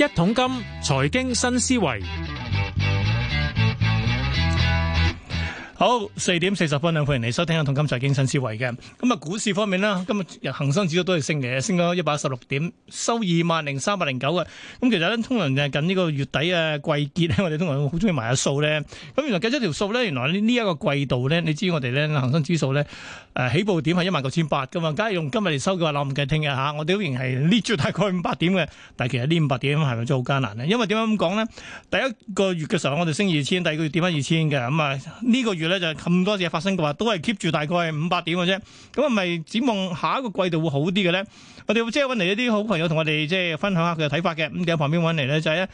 一桶金，財經新思維。好，四點四十分，兩份人嚟收聽《同金財經新思維》嘅。咁啊，股市方面啦，今日恒生指數都係升嘅，升咗一百一十六點，收二萬零三百零九嘅。咁、嗯、其實咧，通常誒，近呢個月底啊，季結咧，我哋通常好中意埋下數咧。咁原來計咗條數咧，原來呢一個季度咧，你知我哋咧恒生指數咧，誒，起步點係一萬九千八噶嘛，梗係用今日嚟收嘅話，我唔計聽日吓、啊，我哋依然係 lift 咗大概五百點嘅。但係其實 lift 五百點係咪真好艱難呢？因為點解咁講咧？第一個月嘅時候，我哋升二千，第二個月跌翻二千嘅。咁啊，呢個月。咧就咁多嘢發生嘅話，都係 keep 住大概五百點嘅啫。咁啊，係咪展望下一個季度會好啲嘅咧？我哋會即係搵嚟一啲好朋友同我哋即係分享下佢嘅睇法嘅。咁喺旁邊搵嚟咧就係咧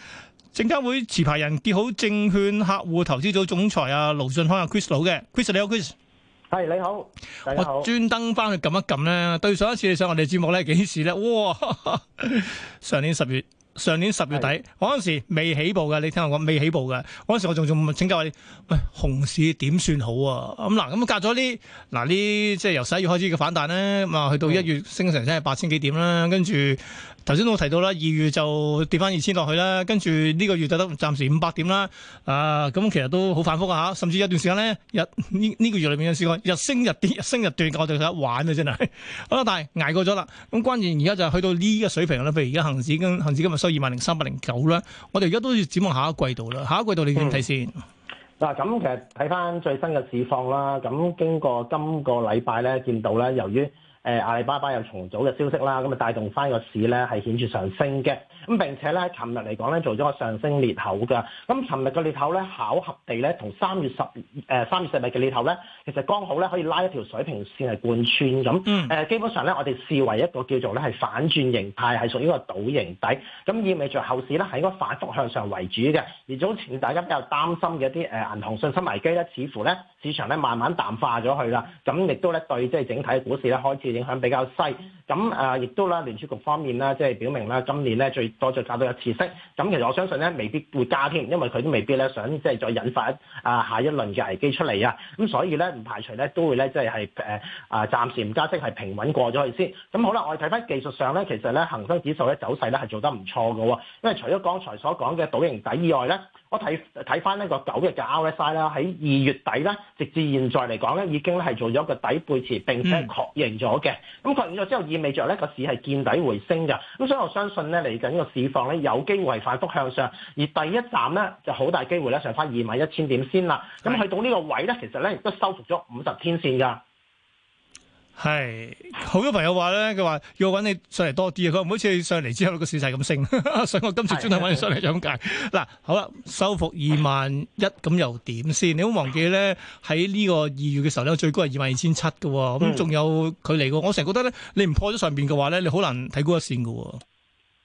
證監會持牌人結好證券客戶投資組總裁阿、啊、盧駿匡阿、啊、Chris 佬嘅。Chris 你好，Chris 係你好，好，我專登翻去撳一撳咧，對上一次你上我哋節目咧幾時咧？哇， 上年十月。上年十月底，我嗰陣時未起步嘅，你聽我講未起步嘅。嗰陣時我仲仲請教你，喂、哎，熊市點算好啊？咁、嗯、嗱，咁隔咗啲嗱呢即係由十一月開始嘅反彈咧，咁啊，去到一月升成真係八千幾點啦。跟住頭先都提到啦，二月就跌翻二千落去啦。跟住呢個月就得暫時五百點啦。啊，咁其實都好反覆嘅嚇，甚至有段時間咧，日呢呢、這個月裏面有試過日升日跌、日升日跌，我哋就得玩啊真係。好、嗯、啦，但係捱過咗啦。咁關鍵而家就係去到呢個水平啦，譬如而家恆指跟恆指今日。到二萬零三百零九啦，我哋而家都要展望下一季度啦。下一季度你點睇先？嗱、嗯，咁其實睇翻最新嘅市況啦，咁經過今個禮拜咧，見到咧，由於誒阿里巴巴又重組嘅消息啦，咁啊帶動翻個市咧係顯著上升嘅，咁並且咧喺琴日嚟講咧做咗個上升裂口㗎，咁琴日嘅裂口咧巧合地咧同三月十誒三月十日嘅裂口咧，其實剛好咧可以拉一條水平線係貫穿咁。誒基本上咧我哋視為一個叫做咧係反轉形態，係屬於個倒形底，咁意味著後市咧係應該反覆向上為主嘅，而早前大家比較擔心嘅一啲誒銀行信心危機咧，似乎咧市場咧慢慢淡化咗去啦，咁亦都咧對即係整體股市咧開始。影響比較細，咁誒亦都啦，聯儲局方面啦，即係表明啦，今年咧最多再加多一次息，咁其實我相信咧，未必會加添，因為佢都未必咧想即係再引發啊下一輪嘅危機出嚟啊，咁所以咧唔排除咧都會咧即係係誒啊暫時唔加息係平穩過咗先，咁好啦，我哋睇翻技術上咧，其實咧恆生指數咧走勢咧係做得唔錯㗎喎，因為除咗剛才所講嘅倒形底以外咧。睇睇翻呢個九日嘅 RSI 啦，喺二月底咧，直至現在嚟講咧，已經咧係做咗個底背馳，並且確認咗嘅。咁確認咗之後，意味着咧個市係見底回升嘅。咁所以我相信咧嚟緊個市況咧有機會係反覆向上，而第一站咧就好大機會咧上翻二萬一千點先啦。咁是的 去到呢個位咧，其實咧亦都收復咗五十天線噶。係好多朋友話咧，佢話要揾你上嚟多啲啊！佢唔好似上嚟之後個市勢咁升，所 以我今次專登揾你上嚟咁解。嗱， 好啦，收復二萬一咁又點先？你好忘記咧，喺呢個二月嘅時候咧，最高係二萬二千七嘅，咁仲有距離嘅。我成日覺得咧，你唔破咗上邊嘅話咧，你好難睇高一線嘅。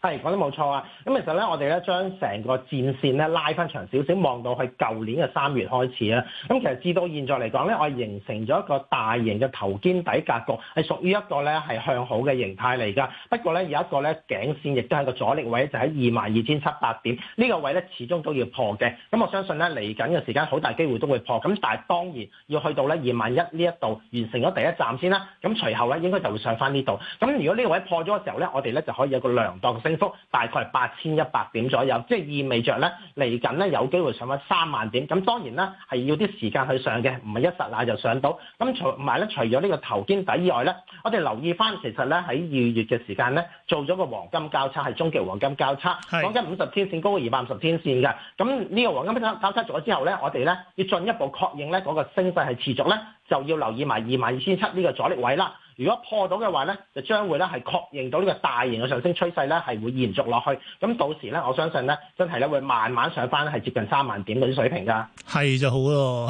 係講得冇錯啊！咁其實咧，我哋咧將成個戰線咧拉翻長少少，望到去舊年嘅三月開始啦。咁其實至到現在嚟講咧，我係形成咗一個大型嘅頭肩底格局，係屬於一個咧係向好嘅形態嚟㗎。不過咧有一個咧頸線，亦都係個阻力位，就喺二萬二千七百點呢個位咧，始終都要破嘅。咁我相信咧嚟緊嘅時間，好大機會都會破。咁但係當然要去到咧二萬一呢一度完成咗第一站先啦。咁隨後咧應該就會上翻呢度。咁如果呢個位破咗嘅時候咧，我哋咧就可以有個量度性升幅大概係八千一百點左右，即係意味着咧嚟緊咧有機會上翻三萬點。咁當然啦，係要啲時間去上嘅，唔係一剎那就上到。咁除埋咧除咗呢個頭肩底以外咧，我哋留意翻其實咧喺二月嘅時間咧做咗個黃金交叉，係中期黃金交叉，講緊五十天線高過二百五十天線嘅。咁呢個黃金交叉做咗之後咧，我哋咧要進一步確認咧嗰個升勢係持續咧，就要留意埋二萬二千七呢個阻力位啦。如果破到嘅話咧，就將會咧係確認到呢個大型嘅上升趨勢咧係會延續落去。咁到時咧，我相信咧真係咧會慢慢上返，係接近三萬點嗰啲水平㗎。係就好咯。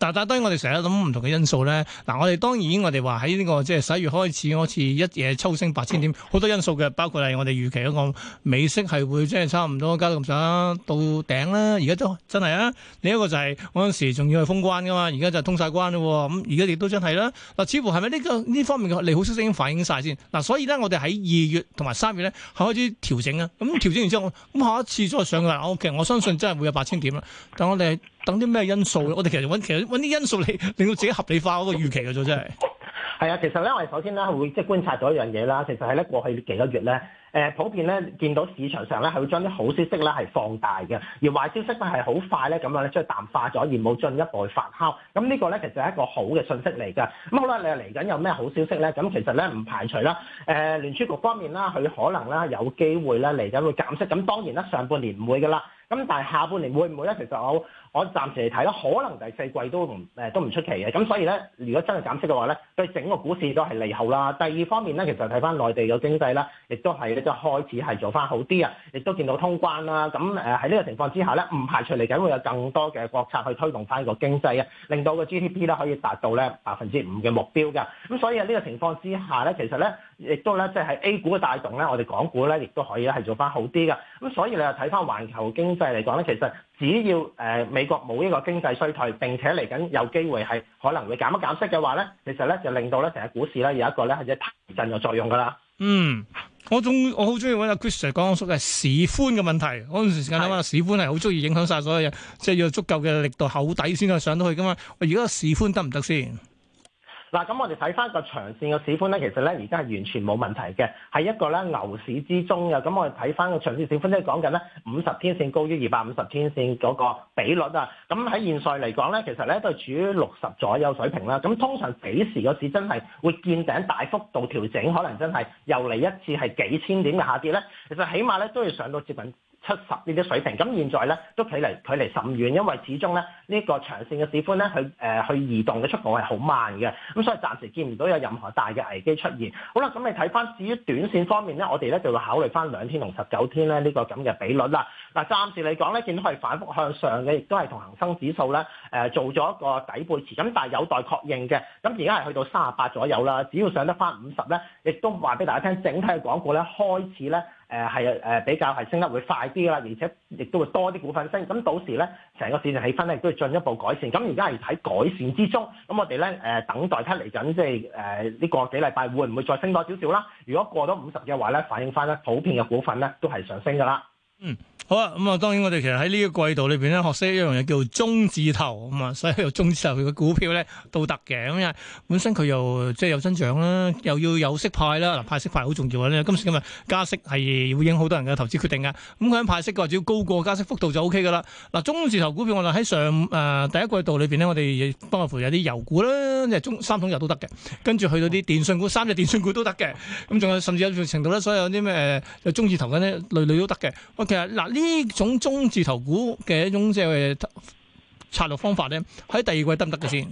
但係當然我哋成日諗唔同嘅因素咧。嗱，我哋當然我哋話喺呢個即係十一月開始嗰次一夜抽升八千點，好多因素嘅，包括係我哋預期嗰個美息係會即係差唔多加到咁上下到頂啦。而家都真係啊！另一個就係嗰陣時仲要去封關㗎嘛，而家就通晒關啦。咁而家亦都真係啦、啊。嗱、呃，似乎係咪呢個呢方面，你好消息已經反映晒先嗱，所以咧，我哋喺二月同埋三月咧，係開始調整啊。咁、嗯、調整完之後，咁、嗯、下一次再上嘅話，OK，我相信真係會有八千點啦。但係我哋等啲咩因素？我哋其實揾其實揾啲因素嚟令到自己合理化嗰個預期嘅啫，真係。係啊，其實咧，我哋首先咧，會即係觀察咗一樣嘢啦。其實喺咧過去幾個月咧。誒普遍咧，見到市場上咧，係會將啲好消息咧係放大嘅，而壞消息咧係好快咧咁樣咧將淡化咗，而冇進一步去發酵。咁呢個咧其實係一個好嘅訊息嚟㗎。咁好啦，你又嚟緊有咩好消息咧？咁其實咧唔排除啦。誒、呃、聯儲局方面啦，佢可能咧有機會咧嚟緊會減息。咁當然啦，上半年唔會㗎啦。咁但係下半年會唔會咧？其實我。我暫時嚟睇啦，可能第四季都唔誒都唔出奇嘅。咁所以咧，如果真係減息嘅話咧，對整個股市都係利好啦。第二方面咧，其實睇翻內地嘅經濟咧，亦都係咧，就開始係做翻好啲啊，亦都見到通關啦。咁誒喺呢個情況之下咧，唔排除嚟緊會有更多嘅國策去推動翻個經濟啊，令到個 GDP 咧可以達到咧百分之五嘅目標㗎。咁所以喺呢個情況之下咧，其實咧亦都咧即係喺 A 股嘅帶動咧，我哋港股咧亦都可以咧係做翻好啲㗎。咁所以你又睇翻環球經濟嚟講咧，其實。只要誒美國冇呢個經濟衰退，並且嚟緊有機會係可能會減一減息嘅話咧，其實咧就令到咧成日股市咧有一個咧係一提振嘅作用㗎啦。嗯，我中我好中意揾阿 Chris Sir 講緊所謂市寬嘅問題。嗰陣時時間啊嘛，市寬係好中意影響晒所有嘢，即係要有足夠嘅力度厚底先可以上到去㗎嘛。而家市寬得唔得先？嗱，咁我哋睇翻個長線個市寬咧，其實咧而家係完全冇問題嘅，係一個咧牛市之中嘅。咁我哋睇翻個長線市寬呢，即係講緊咧五十天線高於二百五十天線嗰個比率啊。咁喺現在嚟講咧，其實咧都係處於六十左右水平啦。咁通常幾時個市真係會見頂大幅度調整？可能真係又嚟一次係幾千點嘅下跌咧。其實起碼咧都要上到接近七十呢啲水平，咁現在咧都距離距離甚遠，因為始終咧呢個長線嘅市寬咧，佢誒佢移動嘅速度係好慢嘅，咁所以暫時見唔到有任何大嘅危機出現。好啦，咁你睇翻至於短線方面咧，我哋咧就會考慮翻兩天同十九天咧呢個咁嘅比率啦。嗱，暫時嚟講咧，見到係反覆向上嘅，亦都係同恆生指數咧誒做咗一個底背馳。咁但係有待確認嘅。咁而家係去到三十八左右啦，只要上得翻五十咧，亦都話俾大家聽，整體嘅港股咧開始咧。誒係誒比較係升得會快啲啦，而且亦都會多啲股份升，咁到時咧，成個市場氣氛咧亦都會進一步改善。咁而家係喺改善之中，咁我哋咧誒等待睇嚟緊，即係誒呢個幾禮拜會唔會再升多少少啦？如果過咗五十嘅話咧，反映翻咧普遍嘅股份咧都係上升㗎啦。嗯。好啊，咁、嗯、啊，當然我哋其實喺呢個季度裏邊咧，學識一樣嘢叫做中字頭，咁、嗯、啊，所以有中字頭嘅股票咧都得嘅。咁、嗯、樣本身佢又即係有增長啦，又要有息派啦，嗱、啊、派息派好重要嘅、啊、咧。今時今日加息係會影好多人嘅投資決定嘅。咁佢喺派息嘅話，只要高過加息幅度就 O K 㗎啦。嗱、啊，中字頭股票我哋喺上誒、呃、第一季度裏邊呢，我哋包括有啲油股啦，即係中三桶油都得嘅。跟住去到啲電信股，三隻電信股都得嘅。咁、嗯、仲有甚至有程度咧，所有啲咩、呃、中字頭嗰啲，類類都得嘅。我其嗱呢。啊啊啊呢種中字頭股嘅一種即係策略方法咧，喺第二季得唔得嘅先？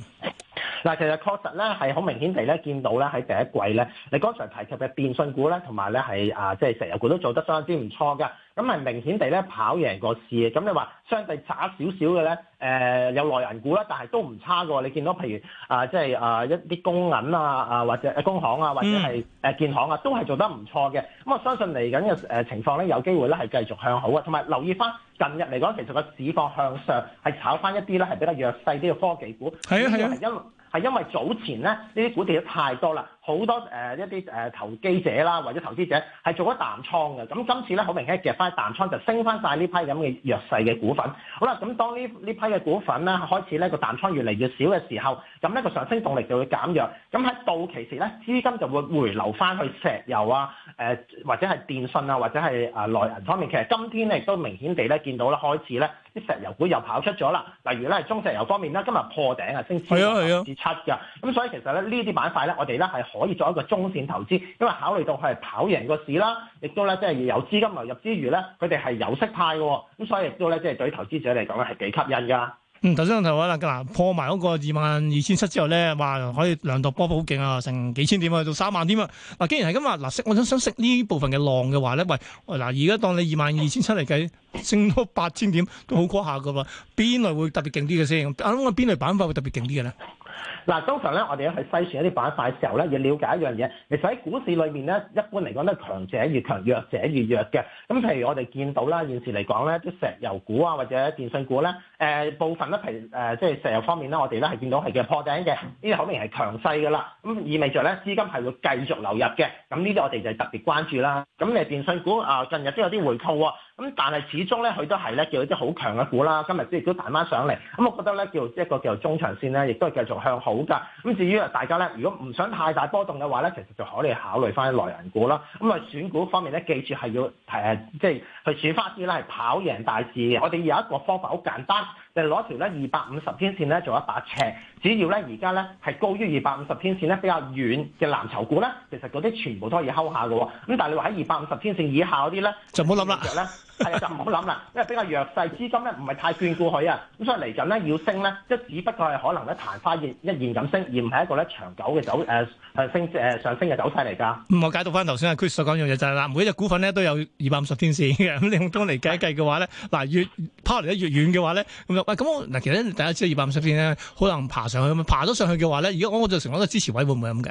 嗱，其實確實咧係好明顯地咧見到咧，喺第一季咧，你剛才提及嘅電信股咧，同埋咧係啊，即係石油股都做得相當之唔錯嘅，咁係明顯地咧跑贏個市嘅。咁你話相對差少少嘅咧，誒、呃、有內人股啦，但係都唔差嘅。你見到譬如啊、呃，即係啊、呃、一啲工銀啊啊或者誒工行啊或者係誒建行啊，都係做得唔錯嘅。咁我相信嚟緊嘅誒情況咧，有機會咧係繼續向好嘅，同埋留意翻近日嚟講，其實個市況向上係炒翻一啲咧係比較弱勢啲嘅科技股，係啊係啊，啊因為因為係因為早前咧呢啲股跌得太多啦，好多誒、呃、一啲誒投機者啦，或者投資者係做咗淡倉嘅。咁今次咧好明顯夾翻啲淡倉，就升翻晒呢批咁嘅弱勢嘅股份。好啦，咁、嗯、當呢呢批嘅股份咧開始咧個淡倉越嚟越少嘅時候，咁呢個上升動力就會減弱。咁喺到期時咧，資金就會回流翻去石油啊，誒、呃、或者係電信啊，或者係啊內銀方面。其實今天咧亦都明顯地咧見到啦，開始咧啲石油股又跑出咗啦。例如咧中石油方面咧，今日破頂啊，升。係啊係啊。七嘅，咁所以其實咧呢啲板塊咧，我哋咧係可以作一個中線投資，因為考慮到佢係跑贏個市啦，亦都咧即係有資金流入之餘咧，佢哋係有息派嘅，咁所以亦都咧即係對投資者嚟講咧係幾吸引噶。嗯，頭先有提話啦，嗱破埋嗰個二萬二千七之後咧，話可以量度波波好勁啊，成幾千點啊，到三萬點啊。嗱，既然係咁啊，嗱食我想想食呢部分嘅浪嘅話咧，喂嗱而家當你二萬二千七嚟計，升多八千點都好過下嘅喎，邊類會特別勁啲嘅先？啊，邊類板塊會特別勁啲嘅咧？嗱，通常咧，我哋咧去篩選一啲板塊嘅時候咧，要了解一樣嘢。其實喺股市裏面咧，一般嚟講都係強者越強，弱者越弱嘅。咁譬如我哋見到啦，現時嚟講咧，啲石油股啊，或者電信股咧，誒、呃，部分咧，譬誒，即、呃、係石油方面咧，我哋咧係見到係嘅破頂嘅，呢啲好明顯係強勢噶啦。咁意味着咧，資金係會繼續流入嘅。咁呢啲我哋就特別關注啦。咁你電信股啊、呃，近日都有啲回吐、啊。咁但係始終咧，佢都係咧叫一啲好強嘅股啦。今日即亦都彈翻上嚟，咁我覺得咧叫一個叫做中長線咧，亦都係繼續向好嘅。咁至於啊，大家咧如果唔想太大波動嘅話咧，其實就可以考慮翻內銀股啦。咁啊，選股方面咧，記住係要誒、呃，即係去選翻啲啦。係跑贏大市嘅。 我哋有一個方法好簡單，就攞條咧二百五十天線咧做一把尺。只要咧而家咧係高於二百五十天線咧比較遠嘅藍籌股咧，其實嗰啲全部都可以睺下㗎喎。咁但係你話喺二百五十天線以下嗰啲咧，就唔好諗啦。係啊，就唔好諗啦，因為比較弱勢，資金咧唔係太眷顧佢啊。咁所以嚟緊咧要升咧，即只不過係可能咧曇花現一現咁升，而唔係一個咧長久嘅走誒誒、呃、升誒、呃、上升嘅走勢嚟㗎、嗯。我解讀翻頭先阿 Chris 所講嘅嘢就係啦，每一隻股份咧都有二百五十天線嘅。咁、嗯、你用嚟計一計嘅話咧，嗱越拋嚟得越遠嘅話咧，咁啊喂咁我嗱其實大家知道二百五十天咧可能爬上去咪爬咗上去嘅話咧，如果我我就成個支持位會唔會咁嘅？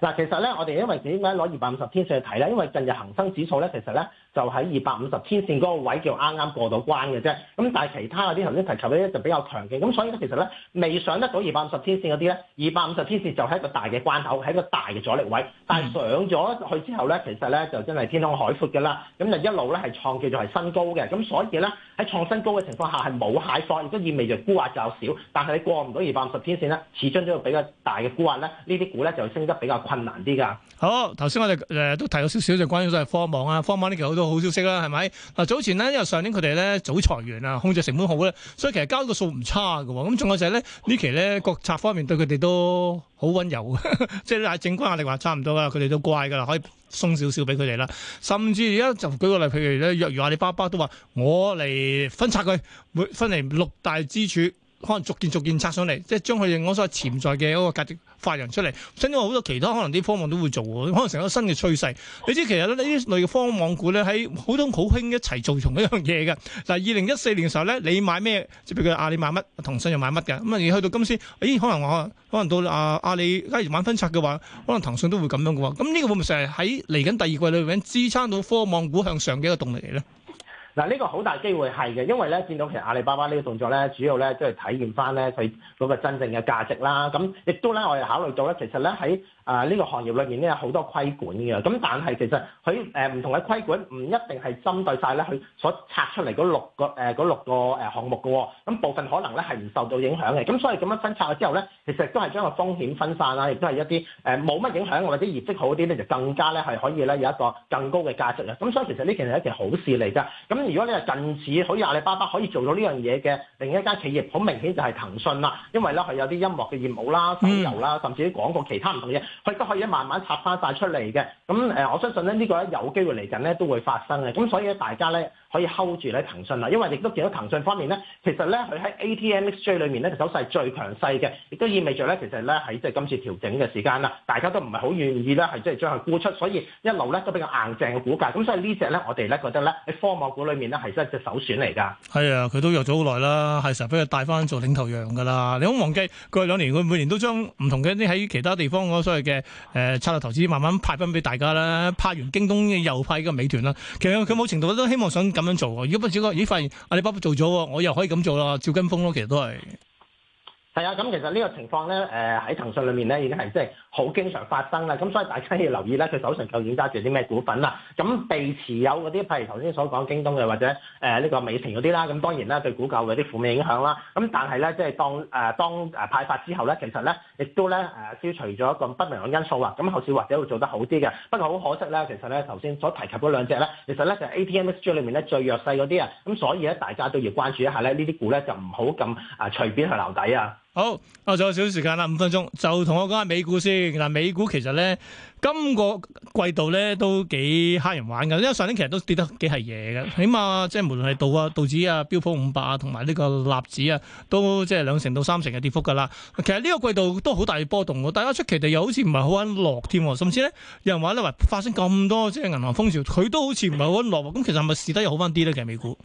嗱，其實咧，我哋因為點解攞二百五十天上去睇咧？因為近日恒生指數咧，其實咧。就喺二百五十天線嗰個位叫啱啱過到關嘅啫，咁但係其他嗰啲頭先提及嗰啲就比較強勁，咁所以咧其實咧未上得到二百五十天線嗰啲咧，二百五十天線就係一個大嘅關口，係一個大嘅阻力位。但係上咗去之後咧，其實咧就真係天空海闊㗎啦，咁就一路咧係創叫做係新高嘅，咁所以咧喺創新高嘅情況下係冇蟹貨，亦都意味著沽壓較少。但係你過唔到二百五十天線咧，始終都係比較大嘅沽壓咧，呢啲股咧就會升得比較困難啲㗎。好，頭先我哋誒都提咗少少就關於都係科網啊，科網呢期好多。好消息啦，係咪？嗱，早前咧，因為上年佢哋咧早裁員啊，控制成本好咧，所以其實交個數唔差㗎。咁仲有就係咧呢期咧，國策方面對佢哋都好溫柔，即係啊，監管壓力話差唔多啦，佢哋都乖噶啦，可以鬆少少俾佢哋啦。甚至而家就舉個例，譬如咧，若如阿里巴巴都話，我嚟分拆佢，分嚟六大支柱。可能逐件逐件拆上嚟，即係將佢我所謂潛在嘅一個價值發揚出嚟。甚至話好多其他可能啲科網都會做，可能成個新嘅趨勢。你知其實呢啲類似科網、網股咧喺好多好興一齊做同一樣嘢嘅。嗱，二零一四年嘅時候咧，你買咩？即譬如佢阿里買乜，騰、啊、訊又買乜嘅。咁啊，你去到今次，咦、欸？可能我、啊、可能到阿阿里假如玩分拆嘅話，可能騰訊都會咁樣嘅話，咁、嗯、呢個會唔會成日喺嚟緊第二季裏邊支撐到科網股向上嘅一個動力嚟咧？嗱呢個好大機會係嘅，因為咧見到其實阿里巴巴呢個動作咧，主要咧都係體驗翻咧佢嗰個真正嘅價值啦。咁亦都咧我哋考慮到咧，其實咧喺啊呢個行業裏面咧有好多規管嘅。咁但係其實佢誒唔同嘅規管唔一定係針對晒咧佢所拆出嚟嗰六個誒六個誒項目嘅。咁部分可能咧係唔受到影響嘅。咁所以咁樣分拆咗之後咧，其實都係將個風險分散啦，亦都係一啲誒冇乜影響或者業績好啲咧，就更加咧係可以咧有一個更高嘅價值嘅。咁所以其實呢件係一件好事嚟㗎。咁如果你係近似好似阿里巴巴可以做到呢樣嘢嘅，另一間企業好明顯就係騰訊啦，因為咧係有啲音樂嘅業務啦、手遊啦，甚至啲廣告其他唔同嘢，佢都可以慢慢插翻晒出嚟嘅。咁誒，我相信咧呢個咧有機會嚟緊咧都會發生嘅。咁所以咧，大家咧可以 hold 住咧騰訊啦，因為亦都見到騰訊方面咧，其實咧佢喺 ATMXJ 裏面咧嘅走勢最強勢嘅，亦都意味著咧其實咧喺即係今次調整嘅時間啦，大家都唔係好願意咧係即係將佢沽出，所以一路咧都比較硬淨嘅股價。咁所以呢隻咧，我哋咧覺得咧喺科網股裏面係真係隻首選嚟噶，係啊、哎，佢都約咗好耐啦，係成日俾佢帶翻做領頭羊噶啦。你唔好忘記，過去兩年佢每年都將唔同嘅啲喺其他地方嗰所謂嘅誒、呃、策略投資慢慢派分俾大家啦。派完京東又派個美團啦，其實佢冇程度都希望想咁樣做。如果不時個咦發現阿里巴巴做咗，我又可以咁做啦，照跟風咯，其實都係。係啊，咁其實呢個情況咧，誒喺騰訊裏面咧已經係即係好經常發生啦。咁所以大家要留意咧，佢手上究竟揸住啲咩股份啦。咁被持有嗰啲，譬如頭先所講京東嘅或者誒呢個美團嗰啲啦。咁當然啦，對股價有啲負面影響啦。咁但係咧，即、啊、係當誒當誒派發之後咧，其實咧亦都咧誒消除咗一個不明朗因素啊。咁後市或者會做得好啲嘅。不過好可惜咧，其實咧頭先所提及嗰兩隻咧，其實咧就係 ATMSG 裏面咧最弱勢嗰啲啊。咁所以咧大家都要關注一下咧，呢啲股咧就唔好咁啊隨便去留底啊。好，我仲有少少時間啦，五分鐘就同我講下美股先。嗱，美股其實咧，今個季度咧都幾吓人玩嘅，因為上年其實都跌得幾係嘢嘅，起碼即係無論係道啊、道指啊、標普五百啊，同埋呢個納指啊，都即係兩成到三成嘅跌幅噶啦。其實呢個季度都好大嘅波動嘅，大家出奇地又好似唔係好穩落添，甚至咧有人話咧，話發生咁多即係銀行風潮，佢都好似唔係好穩落。咁其實係咪市底又好翻啲咧？其實美股？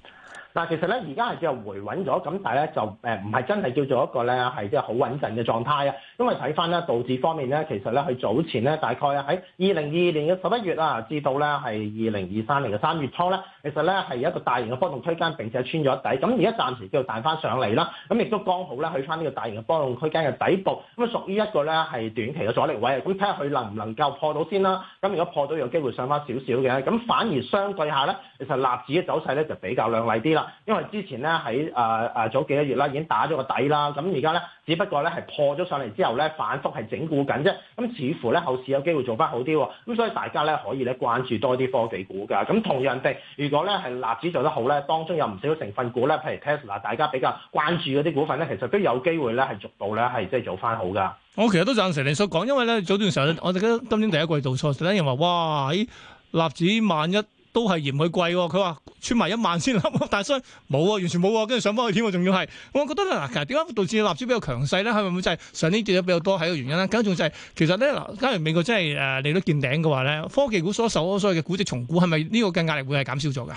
嗱，但其實咧，而家係叫回穩咗，咁但係咧，就誒唔係真係叫做一個咧，係即係好穩陣嘅狀態啊。因為睇翻咧，道指方面咧，其實咧，佢早前咧，大概喺二零二二年嘅十一月啊，至到咧係二零二三年嘅三月初咧，其實咧係一個大型嘅波動區間，並且穿咗底。咁而家暫時叫做彈翻上嚟啦，咁亦都剛好咧去翻呢個大型嘅波動區間嘅底部，咁啊屬於一個咧係短期嘅阻力位啊。咁睇下佢能唔能夠破到先啦。咁如果破到，有機會上翻少少嘅。咁反而相對下咧，其實納指嘅走勢咧就比較靚麗啲啦。因為之前咧喺誒誒早幾個月啦，已經打咗個底啦。咁而家咧。只不過咧係破咗上嚟之後咧，反覆係整固緊啫。咁似乎咧後市有機會做翻好啲喎。咁所以大家咧可以咧關注多啲科技股㗎。咁同樣地，如果咧係納指做得好咧，當中有唔少成分股咧，譬如 Tesla，大家比較關注嗰啲股份咧，其實都有機會咧係逐步咧係即係做翻好㗎。我其實都贊成你所講，因為咧早段時候我哋今今年第一季做錯事，咧又話：哇，喺納指萬一。都係嫌佢貴喎，佢話穿埋一萬先啦，但係所冇啊，完全冇啊，跟住上翻去添仲要係。我覺得嗱，其實點解導致納指比較強勢咧？係咪就係上年跌得比較多係一個原因咧？咁仲就係、是、其實咧嗱，假如美國真係誒利率見頂嘅話咧，科技股所受所謂嘅估值重估係咪呢個嘅壓力會係減少咗㗎？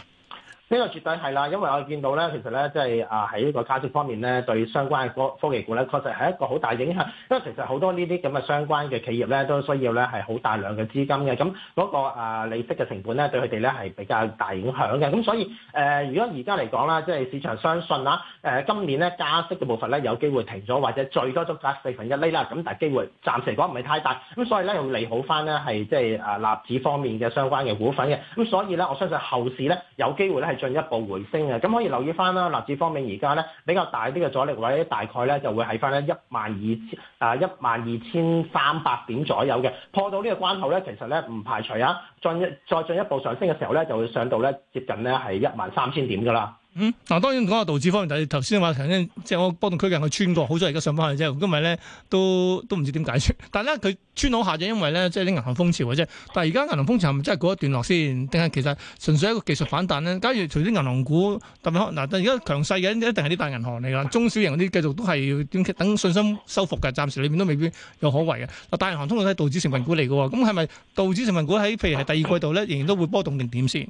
呢個絕對係啦，因為我見到咧，其實咧即係啊喺呢個加息方面咧，對相關嘅科科技股咧，確實係一個好大影響。因為其實好多呢啲咁嘅相關嘅企業咧，都需要咧係好大量嘅資金嘅，咁嗰個啊利息嘅成本咧，對佢哋咧係比較大影響嘅。咁所以誒，如果而家嚟講啦，即係市場相信啦，誒今年咧加息嘅部分咧有機會停咗，或者最多都加四分一厘啦。咁但係機會暫時嚟講唔係太大。咁所以咧，又利好翻咧係即係啊納指方面嘅相關嘅股份嘅。咁所以咧，我相信後市咧有機會咧進一步回升嘅，咁可以留意翻啦，納指方面而家咧比較大啲嘅阻力位，大概咧就會喺翻咧一萬二千啊，一萬二千三百點左右嘅，破到呢個關口咧，其實咧唔排除啊。再再進一步上升嘅時候咧，就會上到咧接近咧係一萬三千點㗎啦。嗯，嗱當然講下道指方面，但係頭先話頭先，即係我幫到區嘅人去穿過，好彩而家上翻去啫。今日咧都都唔知點解穿，但係咧佢穿好下就因為咧即係啲銀行風潮嘅啫。但係而家銀行風潮係咪真係過一段落先，定係其實純粹一個技術反彈呢？假如除咗銀行股特別嗱，但係而家強勢嘅一定係啲大銀行嚟㗎，中小型嗰啲繼續都係等信心收復嘅，暫時裏面都未必有可為嘅。嗱，大銀行通常都係道指成分股嚟嘅喎，咁係咪道指成分股喺譬如係第二季度咧，仍然都會波動定點先。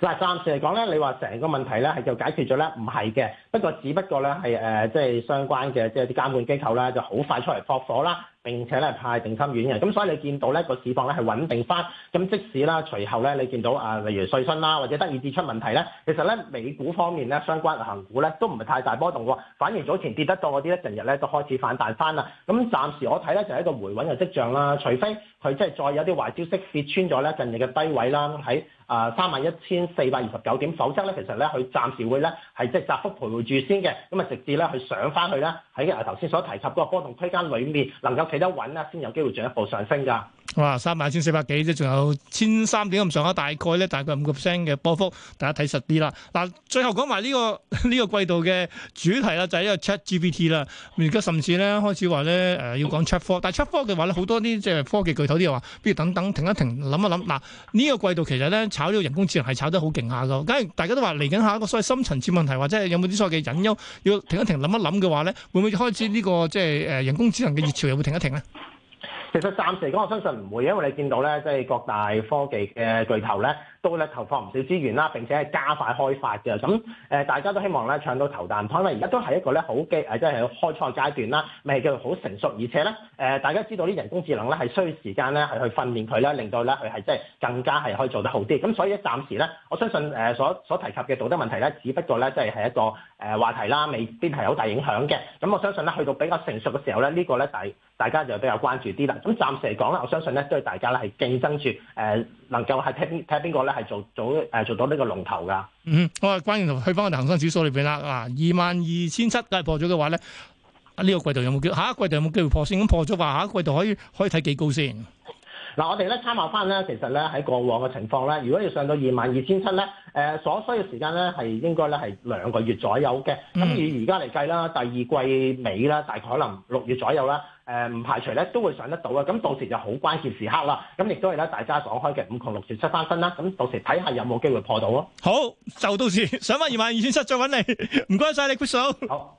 嗱，暫時嚟講咧，你話成個問題咧係就解決咗咧，唔係嘅。不過，只不過咧係誒，即係相關嘅即係啲監管機構咧，就好快出嚟撲火啦。並且咧派定心丸嘅，咁所以你見到咧個市況咧係穩定翻，咁即使啦隨後咧你見到啊例如瑞信啦或者德意志出問題咧，其實咧美股方面咧相關行股咧都唔係太大波動喎，反而早前跌得多嗰啲咧近日咧都開始反彈翻啦，咁暫時我睇咧就係一個回穩嘅跡象啦，除非佢即係再有啲壞消息跌穿咗咧近日嘅低位啦，喺啊三萬一千四百二十九點，否則咧其實咧佢暫時會咧係即係窄幅徘徊住先嘅，咁啊直至咧佢上翻去咧喺啊頭先所提及嗰個波動區間裡面能夠。企得穩啦，先有機會進一步上升噶。哇，三萬千四百幾即仲有千三點咁上下，大概咧大概五個 percent 嘅波幅，大家睇實啲啦。嗱，最後講埋呢、呢個呢、呢個季度嘅主題啦，就係、係、呢個 Chat GPT 啦。而家甚至咧開始呢、呃、4, 話咧誒要講 Chat Four，但係 Chat Four 嘅話咧好多啲即係科技巨頭啲又話，不如等等停一停，諗一諗。嗱、呃、呢、呢個季度其實咧炒呢個人工智能係炒得好勁下噶。假如大家都話嚟緊下一個所謂深層次問題，或者係有冇啲所謂嘅隱憂，要停一停諗一諗嘅話咧，會唔會開始呢、呢個即係誒人工智能嘅熱潮又會停一停咧？其實暫時嚟講，我相信唔會，因為你見到咧，即係各大科技嘅巨頭咧。都咧投放唔少資源啦，並且係加快開發嘅。咁、嗯、誒，大家都希望咧搶到頭啖湯。因為而家都係一個咧好嘅，誒即係開賽階段啦，未叫做好成熟。而且咧，誒、呃、大家知道啲人工智能咧係需要時間咧係去訓練佢啦，令到咧佢係即係更加係可以做得好啲。咁、嗯、所以暫時咧，我相信誒所所提及嘅道德問題咧，只不過咧即係係一個誒話題啦，未必係好大影響嘅。咁、嗯、我相信咧去到比較成熟嘅時候咧，這個、呢個咧大大家就比較關注啲啦。咁、嗯、暫時嚟講咧，我相信咧都係大家咧係競爭住誒、呃、能夠係睇邊睇下邊個咧。係做做誒、呃，做到呢個龍頭噶。嗯，好啊，關鍵去翻個恒生指數裏邊啦。啊，二萬二千七都係破咗嘅話咧，呢、這個季度有冇機會？下一季度有冇機會破先？咁破咗話，下一季度可以可以睇幾高先？嗱，我哋咧參考翻咧，其實咧喺過往嘅情況咧，如果要上到二萬二千七咧，誒所需嘅時間咧係應該咧係兩個月左右嘅。咁以而家嚟計啦，第二季尾啦，大概可能六月左右啦，誒唔排除咧都會上得到嘅。咁到時就好關鍵時刻啦，咁亦都係咧大家講開嘅五窮六絕七翻身啦。咁到時睇下有冇機會破到咯。好，就到時上翻二萬二千七再揾你。唔該晒你，Chris。好。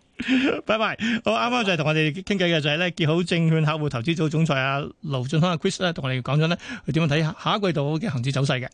拜拜！ bye bye. 好，啱啱就係同我哋傾偈嘅就係咧，結好證券客戶投資組總裁阿盧駿匡阿 Chris 咧，同我哋講咗咧，佢點樣睇下一季度嘅恒指走勢嘅。